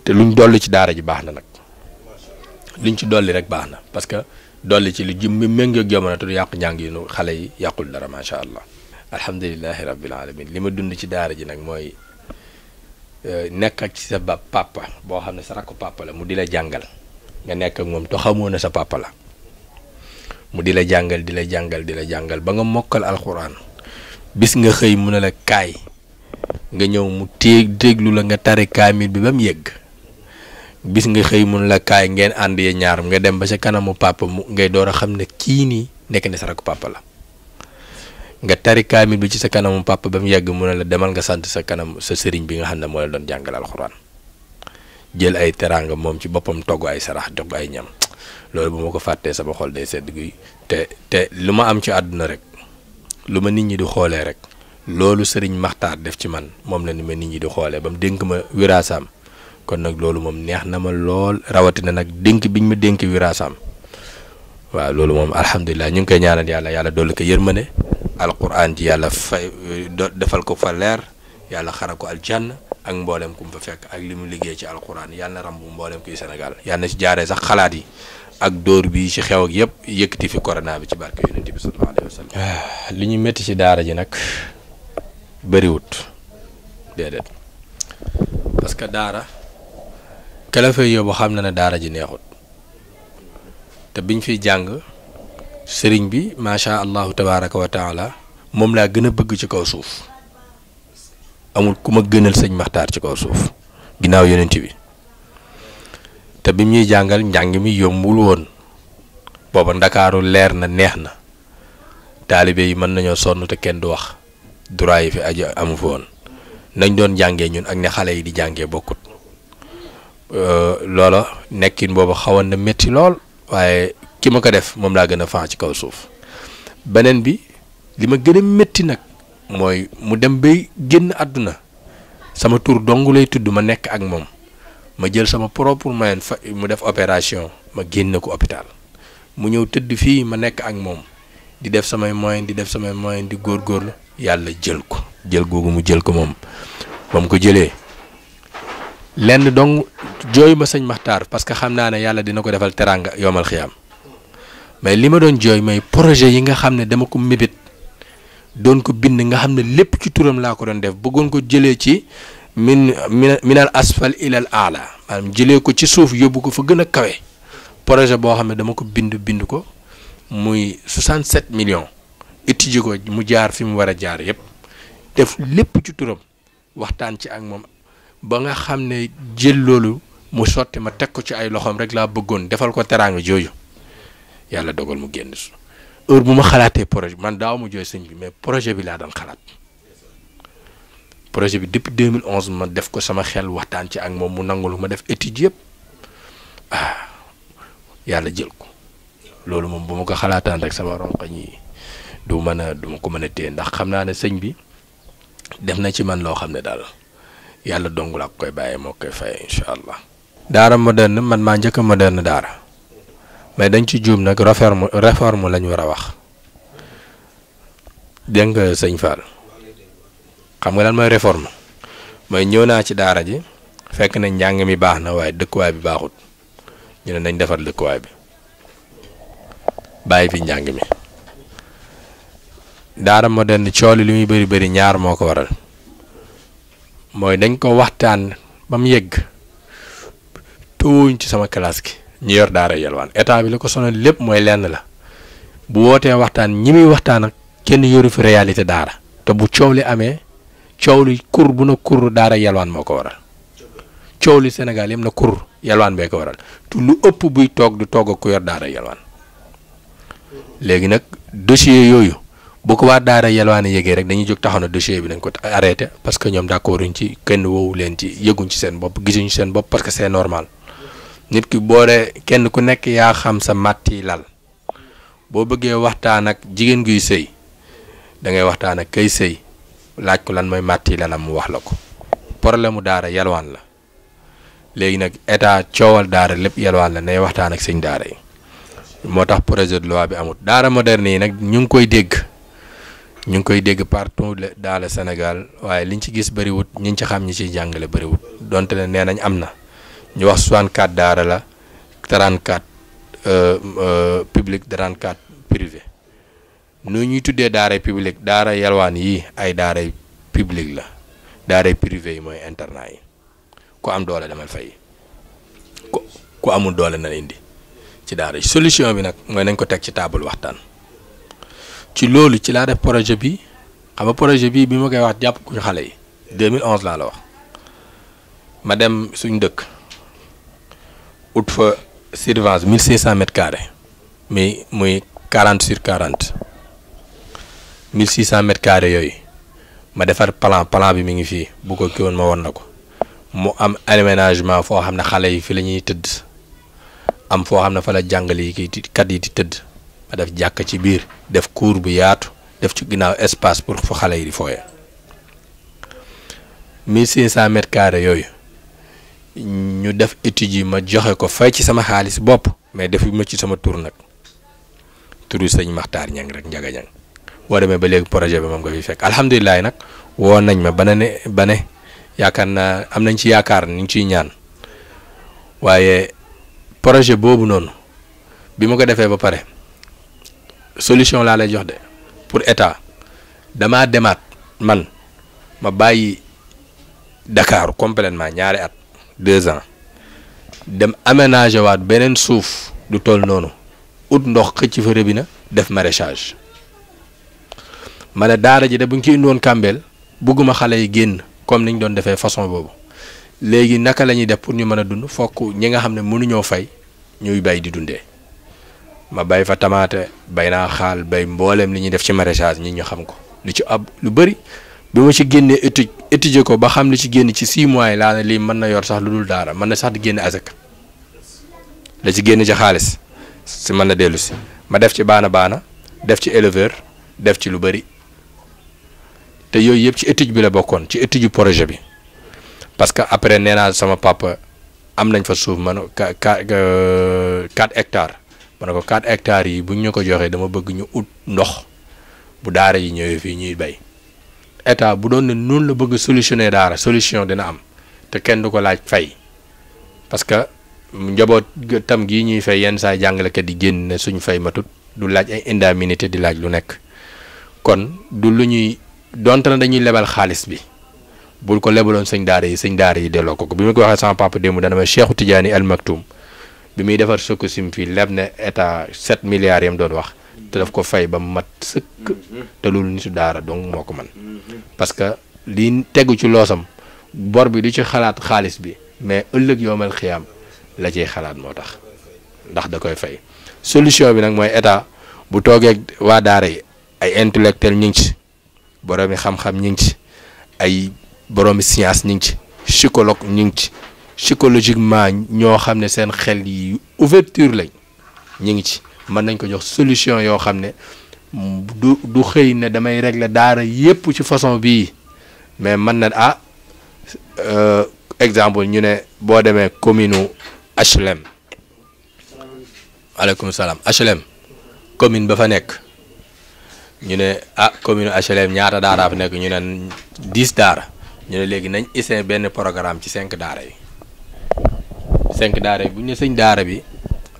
S1: te luñ dolli ci daara ji baax na nag ci dolli rek baax na parce que dolli ci li jëm mi méngoo jamono te yàq njàng yi nu xale yi yàqul dara macha allah alhamdulillah rabbil alamin lima dund ci daara ji nak moy eh, nek ci sa papa bo xamne ne sa rakku papa la mu di la nga nek ak mom to xamone sa papa la mu di la janggal, di la jangal di la ba nga mokal alquran bis nga xey mu ne la kay nga ñew mu téeg déglu la nga tare kamil bi bam yegg bis nga mu ne la kay ngeen and ye ñaar nga dem ba sa kanamu papa mu ngay doora xamne ki ne nek ne sa rakku papa la nga tari kaamil bi ci sa kanamu pàpp ba mu yàgg mu ne la demal nga sant sa kanam sa sëriñ bi nga xam ne moo la doon jàngal alxuraan jël ay teraanga moom ci boppam togg ay sarax jox ay ñam loolu bu ma ko fàttee sama xol day sedd guy te te lu ma am ci àdduna rek lu ma nit ñi di xoolee rek loolu sëriñ maxtaar def ci man moom la ni ma nit ñi di xoolee ba mu dénk ma wiraasaam kon nag loolu moom neex na ma lool rawatina nag dénk biñ ma dénk wiraasaam waaw loolu moom alhamdulilah ñu ngi koy ñaanal yàlla yàlla dolli ko yërmande alquran ji yàlla fay defal ko fa leer yàlla xara ko aljanna ak mboolem ku fa fekk ak li mu liggéey ci alquran yàlla na ramb mboolem kuy Sénégal yàlla na ci jaaree sax xalaat yi ak dóor bi ci xew ak yëpp yëkkati fi corona bi ci barke yonent bi sallallahu alayhi wa sallam. Ah, li ñu métti ci daara ji nag bëriwut déedéet parce que daara kala fay yóbbu xam na ne daara ji neexut te biñ fiy jàng. sëriñ bi macha allahu tabaraka wa moom laa gën a bëgg ci kaw suuf amul ku ma gënal sëñ maxtaar ci kaw suuf ginnaaw yonent bi te bi ñuy jàngal njàng mi yombul woon booba ndakaaru leer na neex na taalibe yi mën nañoo sonn te kenn du wax droit yi fi aju amu fi woon nañ doon jàngee ñun ak ni xale yi di jàngee bokkut euh, loolo nekkin booba xawoon na metti lool waaye kima ka def mom la gëna fa ci kaw suuf benen bi lima gëna metti nak moy mu dem bay aduna sama tur dong lay tuddu ma nek ak mom ma jël sama propre main fa mu def opération ma génn ko hôpital mu ñew tedd fi ma nek ak mom di def sama moyen di def sama moyen di gor yalla jël ko jël gogu mu jël ko mom bam ko jëlé lenn dong joy ma sëñ maxtaar parce que xamna na yalla dina ko defal teranga yomal khiyam mais li ma doon jooy mooy projet yi nga xam ne dama ko mébét doon ko bind nga xam ne lépp ci turam laa ko doon def bëggoon ko jëlee ci min minal asfal ilal aala maanaam jëlee ko ci suuf yóbbu ko fa gën a kawe projet boo xam ne dama ko bind bind ko muy 67 million étudier ko mu jaar fi mu war a jaar yëpp def lépp ci turam waxtaan ci ak moom ba nga xam ne jël loolu mu sotti ma teg ko ci ay loxoom rek laa bëggoon defal ko teraanga jooju yàlla dogal mu génn su heure bu ma xalaatee projet man daaw ma jooy sëñ bi mais projet bi laa daan xalaat projet bi depuis 2011 ma def ko sama xel waxtaan ci ak moom mu nangul ma def étude yëpp ah yàlla jël ko loolu moom bu ma ko xalaataan rek sama ronq yi du mën a du ma ko mën a téye ndax xam naa ne sëñ bi def na ci man loo xam ne daal yàlla dong laa koy bàyyee moo koy fay incha allah. daara moderne man maa njëkk a moderne daara. mais dañ ci juum nag réforme réforme la ñu war a wax dégg nga sëñ xam nga lan mooy réforme mooy ñëw naa ci daara ji fekk nañ njàng mi baax na waaye dëkkuwaay bi baaxut ñu ne nañ defar dëkkuwaay bi bàyyi fi njàng mi daara moderne cooli li muy bëri bari ñaar moo ko waral mooy dañ ko waxtaan ba mu yegg tëwuñ ci sama classe gi ñu yor daara yelwaan état bi la ko sonal lépp mooy lenn la bu wootee waxtaan ñi muy waxtaan ak kenn yoru fi réalité daara te bu coow li amee coow li kur bu na kur daara yelwaan moo ko waral coow li Sénégal yëpp na kur yelwaan bee ko waral te lu ëpp buy toog du toog ak ku yor daara yelwaan léegi nag dossier yooyu bu ko waa daara yelwaan yëgee rek dañuy jóg taxaw na dossier bi nañ ko arrêté parce que ñoom d'accorduñ ci kenn woowu leen ci yëguñ ci seen bopp gisuñ seen bopp que c'est normal nit ki boole kenn ku nekk yaa xam sa màtti lal boo bëggee waxtaan ak jigéen guy sëy dangay waxtaan ak kay sëy laaj ko lan mooy màtti lalam mu wax la ko problème mu daara yalwaan la léegi nag état coowal daara lépp yalwaan la nay waxtaan ak sëñ daara yi moo tax projet de loi bi amut daara moderne yi nag ñu ngi koy dégg ñu ngi koy dégg partout dans le Sénégal waaye liñ ci gis bëriwut ñiñ ci xam ñi ciy jàngale bëriwut donte ne nee nañ am na ñu wax 64 daara la 34 euh, euh, public 34 privé nu ñuy tuddee daara public daara yalwaan yi ay daara public la daara privé yi mooy internat yi ku am doole demal fay ku ku amul doole na indi ci daara solution bi nag mooy nañ ko teg ci taabal waxtaan ci loolu ci laa def projet bi xam nga projet bii bi ma koy wax jàpp ku xale yi 2011 laa la wax ma dem suñ dëkk. ut fa surface mille cinq cent mètres carrés mais muy quarante sur quarante mille six cent mètres carrés yooyu ma defar plan plan bi mi ngi fii bu ko kii woon ma won na ko mu am aménagement foo xam ne xale yi fi la ñuy tëdd am foo xam ne fa la jàngale yi kii kat yi di tëdd ma def jàkk ci biir def cour bu yaatu def ci ginnaaw espace pour fu xale yi di fooye mille cinq cent mètres carrés yooyu ñu def étude yi ma joxe ko fay ci sama xaalis bopp mais defu ma ci sama tour nag turu sëñ Maxtaar ñang rek njaga ñang boo demee ba léegi projet bi moom nga fi fekk alhamdulilah nag woo nañ ma bana ne bane yaakaar na am nañ ci yaakaar ni ñu ciy ñaan waaye projet boobu noonu bi ma ko defee ba pare solution laa lay jox de pour état damaa demaat man ma bàyyi Dakar complètement ñaari at. deux ans dem aménager waat beneen suuf du toll noonu ut ndox xëcc fa rëbbi na def maraîchage ma ne daara ji de bu ñu ci indoon kàmbeel bugguma xale yi génn comme ni ñu doon defee façon boobu léegi naka la ñuy def pour ñu mën a dund fokk ñi nga xam ne mënuñoo fay ñuy bay di dundee ma bay fa tamaate bay naa xaal bay mbooleem li ñuy def ci maraîchage ñi ñu xam ko lu ci ab lu bëri bi ma ci génnee étude étudier ko ba xam li ci génn ci six mois yi laa ne lii mën na yor sax lu dul daara mën na sax di génn asaka la ci génn ci xaalis si mën na dellu si ma def ci baana baana def ci éleveur def ci lu bëri te yooyu yëpp ci étude bi la bokkoon ci étude projet bi parce que après nee naa sama papa am nañ fa suuf man ka ka quatre hectares ma ko quatre hectares yi buñ ñu ko joxee dama bëgg ñu ut ndox bu daara yi ñëwee fii ñuy bay état bu doon ne noonu la bëgg a solutionner daara solution dina am te kenn du ko laaj fay parce que njaboot tam gii ñuy fay yenn saa jàngalekat di génn ne suñ fay matut du laaj ay indemnité di laaj lu nekk kon du lu ñuy donte na dañuy lebal xaalis bi bul ko lebaloon sëñ daara yi sëñ daara yi delloo ko ko bi ma ko waxee sama papa démb dana ma Cheikhu Tidiane Al Maktoum bi muy defar sokku sim fii leb ne état 7 milliards yam doon wax. te daf ko fay ba mat sëkk mhm. te loolu nitu daara donc moo ko man mhm. parce que li tegu ci loosam bor bi du ci xalaat xaalis bi mais ëllëg yoomal xiyaam la ciy xalaat moo tax ndax da koy fay solution bi nag mooy état bu toogee waa daara yi ay intellectuel ñu ngi ci boroomi xam-xam ñu ngi ci ay boroomi science ñu ngi ci psychologue ñu ngi ci psychologiquement ñoo xam ne seen xel yi ouverture lañ ñu ngi ci mën nañ ko jox solution yoo xam ne du du xëy ne damay régler daara yépp ci façon bii mais man na ah euh, exemple ñu ne boo demee commune u HLM aleykum salaam HLM commune ba fa nekk ñu ne ah commune HLM ñaata daara fa nekk ñu ne dix daara ñu ne léegi nañ essayer benn programme ci cinq daara yi cinq daara yi bu ñu ne sëñ daara bi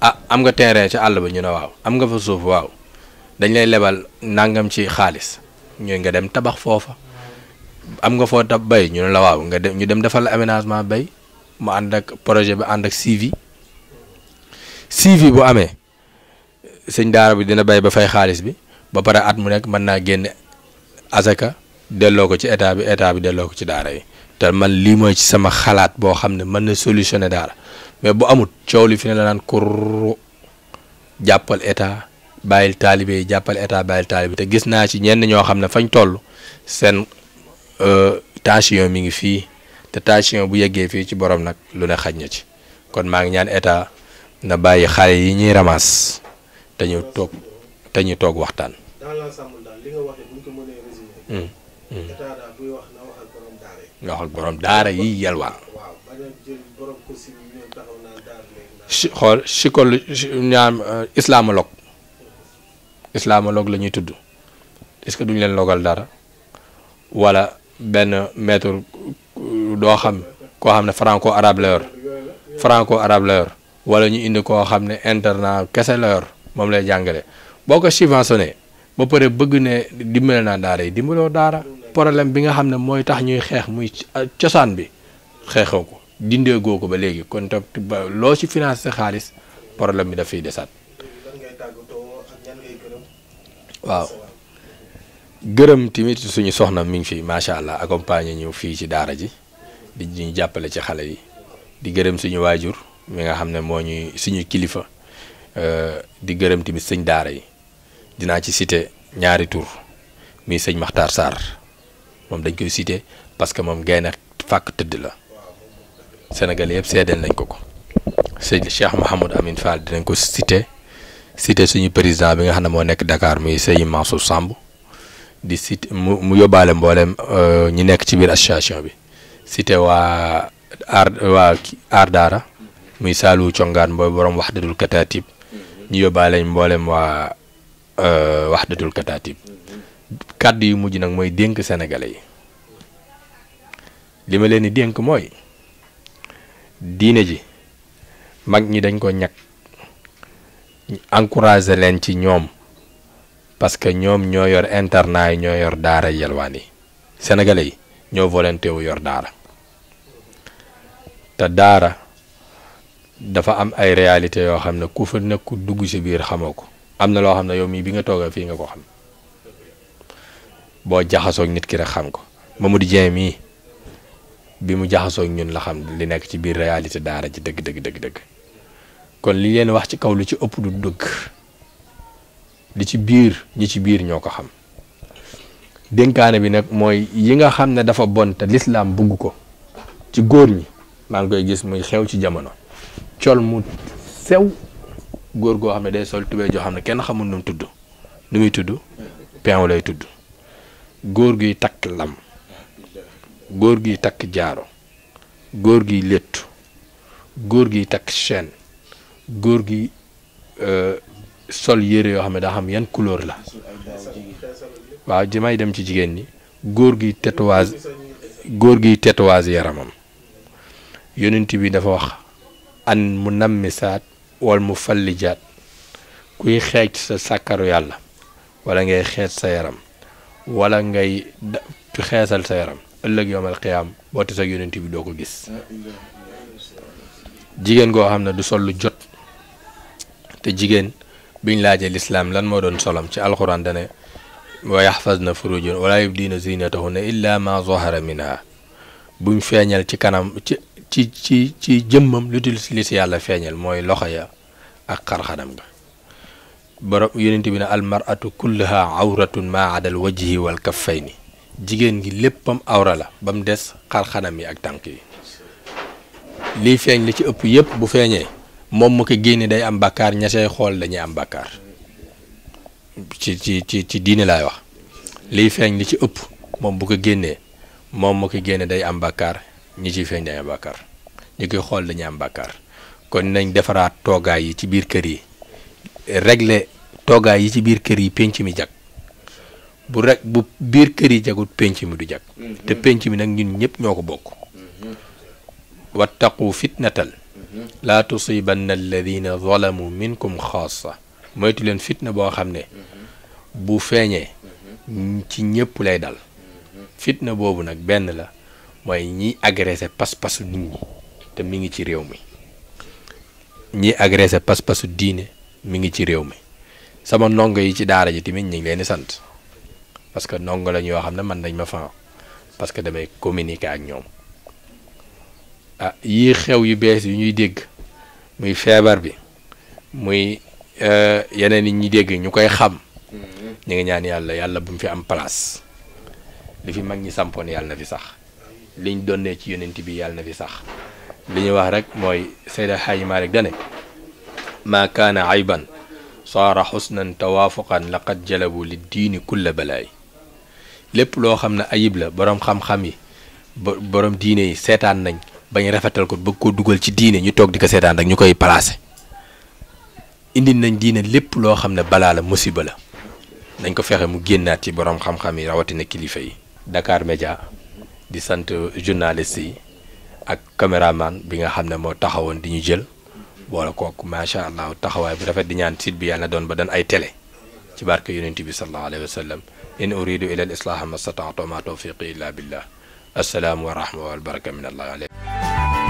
S1: ah am nga terrain ci àll bi ñu ne waaw am nga fa suuf waaw dañ lay lebal nangam ci xaalis ñooy nga dem tabax foofa am nga foo tab bay ñu ne la waaw nga dem ñu dem defal la aménagement bay mu ànd ak projet bi ànd ak suivi suivi bu amee sëñ daara bi dina bay ba fay xaalis bi ba pare at mu nekk mën naa génn asaka delloo ko ci état bi état bi delloo ko ci daara yi te man lii mooy ci sama xalaat boo xam ne mën na solutionné daara mais bu amut coow li fi ne la naan kur jappal état bàyyil taalibe jappal jàppal état bàyyil taalibe te gis naa ci ñenn ñoo xam ne fañ sen seen euh, tension mi ngi fi te tension bu yeggee fi ci borom nag lu ne xaj ci kon maa ngi ñaan état na bàyyi xale yi ramas te ñu toog te ñu toog waxtaan.
S2: dans l'ensemble daal li nga ko résumer. Hmm, hmm. état buy wax na wax
S1: ak borom daara yi. wax xool psycholo ñaam euh, islamologue islamologue la ñuy tudd est-ce que duñ leen logal dara wala benn maître euh, doo xam koo xam ne franco arabe la franco arabe la yor wala ñu indi koo xam ne internat kese la moom lay jàngale boo ko subventionné ba pare bëgg ne dimbale naa daara yi dimbaloo daara problème bi nga xam ne mooy tax ñuy xeex muy euh, cosaan bi xeexoo ko dindee goo ko ba léegi kon tam loo ci financé sa xaalis problème bi dafay desaat. waaw gërëm tamit suñu soxna mi ngi fi macha allah accompagner ñu fii ci daara ji di ñu jàppale ci xale yi di gërëm suñu waajur mi nga xam ne moo ñuy suñu kilifa euh, di gërëm tamit sëñ daara yi dinaa ci cité ñaari tour muy sëñ maxtar Sarr moom dañ koy cité parce que moom gaynde fàkk tëdd la. Sénégal yëpp seedeel nañ ko ko sëñ Cheikh Mouhamed Amine Fall dinañ ko cité cité suñu président bi nga xam ne moo nekk dakaar muy sëñ Mansour Samb di cité mu mu yóbbaale mboolem euh, ñi nekk ci biir association bi cité waa aar Congaan mbooy borom waxdatul kataatib ñu yóbbaale mboolem waa euh, waxdatul kataatib kàdd yu mujj nag mooy dénk sénégalais yi li ma leen di dénk mooy. diine ji mag ñi dañ ko ñag encouragé leen ci ñoom parce que ñoom ñoo yor internat yi ñoo yor daara yelwaan yi sénégalais yi ñoo volonté wu yor daara te daara dafa am ay réalité yoo xam ne ku fa nekk dugg ci biir xamoo ko am na loo xam ne yow mii bi nga toogee fii nga ko xam boo jaxasoog nit ki rek xam ko Mamadou Dieng mii bi mu jaxasoo ñun la xam li nekk ci biir réalité daara ji dëgg dëgg dëgg dëgg kon li leen wax ci kaw lu ci ëpp du dëgg li ci biir ñi ci biir ñoo ko xam dénkaane bi nag mooy yi nga xam ne dafa bon te lislaam bugg ko ci góor ñi maa ngi koy gis muy xew ci jamono col mu sew góor goo xam ne day sol tubéy joo xam ne kenn xamul nu tudd nu muy tudd peew lay tudd góor gi takk lam góor gi takk jaaro góor gi léttu góor gi takk chaîne góor gi euh, sol yére yoo xam ne daa xam yan couleur la waaw ji may dem ci jigéen ñi góor gi tatouage góor gi tatouage yaramam yonent bi dafa wax an mu nammisaat wal mu jaat kuy xeec sa sàkkaru yàlla walla ngay xees sa yaram wala ngay xeesal sa yaram ëllëg yoomal xiyaam boo teseeg yonent bi doo ko gis jigéen goo xam ne du sol lu jot te jigéen biñ laajee lislaam lan moo doon solam ci alquran dane wa yaxfazna furujon wala yubdiina zinatahunna illa ma zahara minha buñ feeñal ci kanam ci ci ci jëmmam lu dul li si yàlla feeñal mooy loxo ya ak xarxanam nga borom yonent bi ne mar'atu kulluha awratun ma al wajhi wal kaffayni jigéen gi léppam awra la ba des xar xanam yi ak tànk yi liy feeñ li ci ëpp yëpp bu feeñee moom mu ko génne day am bàkkaar ña xool dañuy am bàkkaar ci ci ci ci diine laay wax liy feeñ li ci ëpp moom bu ko génnee moom mu ko day am bàkkaar ñu ciy feeñ day am bàkkaar koy xool dañuy am bàkkaar kon nañ defaraat toogaay yi ci biir kër yi regle toogaay yi ci biir kër yi pénc mi jag bu rek bu biir kër yi jagut penc mi du jag mhm. te penc mi nag ñun ñëpp ñoo ko bokk mhm. wattaqu fitnatal mhm. laa tusibanna alladina zalamu minkum xaasa moytu leen fitna boo xam ne bu feeñee ci ñëpp lay dal fitna boobu nag benn la mooy ñiy agressé pas-pasu nit ñi te mi ngi ci réew mi ñiy agressé pas-pasu diine mi ngi ci réew mi sama ndongo yi ci daara ji tamit ñi leen sant parce que ndongo lañ yoo xam ne man dañ ma fa parce que damay communiquer ak ñoom ah yii xew yu bees yu ñuy dégg muy feebar bi muy eh, yeneen yi ñuy dégg ñu koy xam mm-hmm. ñu ngi ñaan yàlla yàlla bu mu fi am place li fi mag ñi sampoon yàlla na fi sax liñ donnee ci yonent bi yàlla na fi sax li ñuy wax rek mooy Seyda Xaaji Malik dane maa kaana ayban saara xusnan tawaafuqan laqad jalabu li diini kulla balaay lépp loo xam ne ayib la borom xam-xam yi borom diine yi seetaan nañ bañ rafetal ko bëgg ko dugal ci diine ñu toog di ko seetaan rek ñu koy placé indi nañ diine lépp loo xam ne balaa la musiba la nañ ko fexe mu génnaat ci borom xam-xam yi rawatina kilifa yi. dakaar Média di sant journaliste yi ak caméraman bi nga xam ne moo taxawoon di ñu jël boole kooku macha allah taxawaay bu rafet di ñaan site bi yàlla doon ba dan ay tele ci barke yonent bi sallallahu alayhi wa sallam إن أريد إلى الإصلاح ما استطعت وما توفيقي إلا بالله السلام ورحمة والبركة من الله عليكم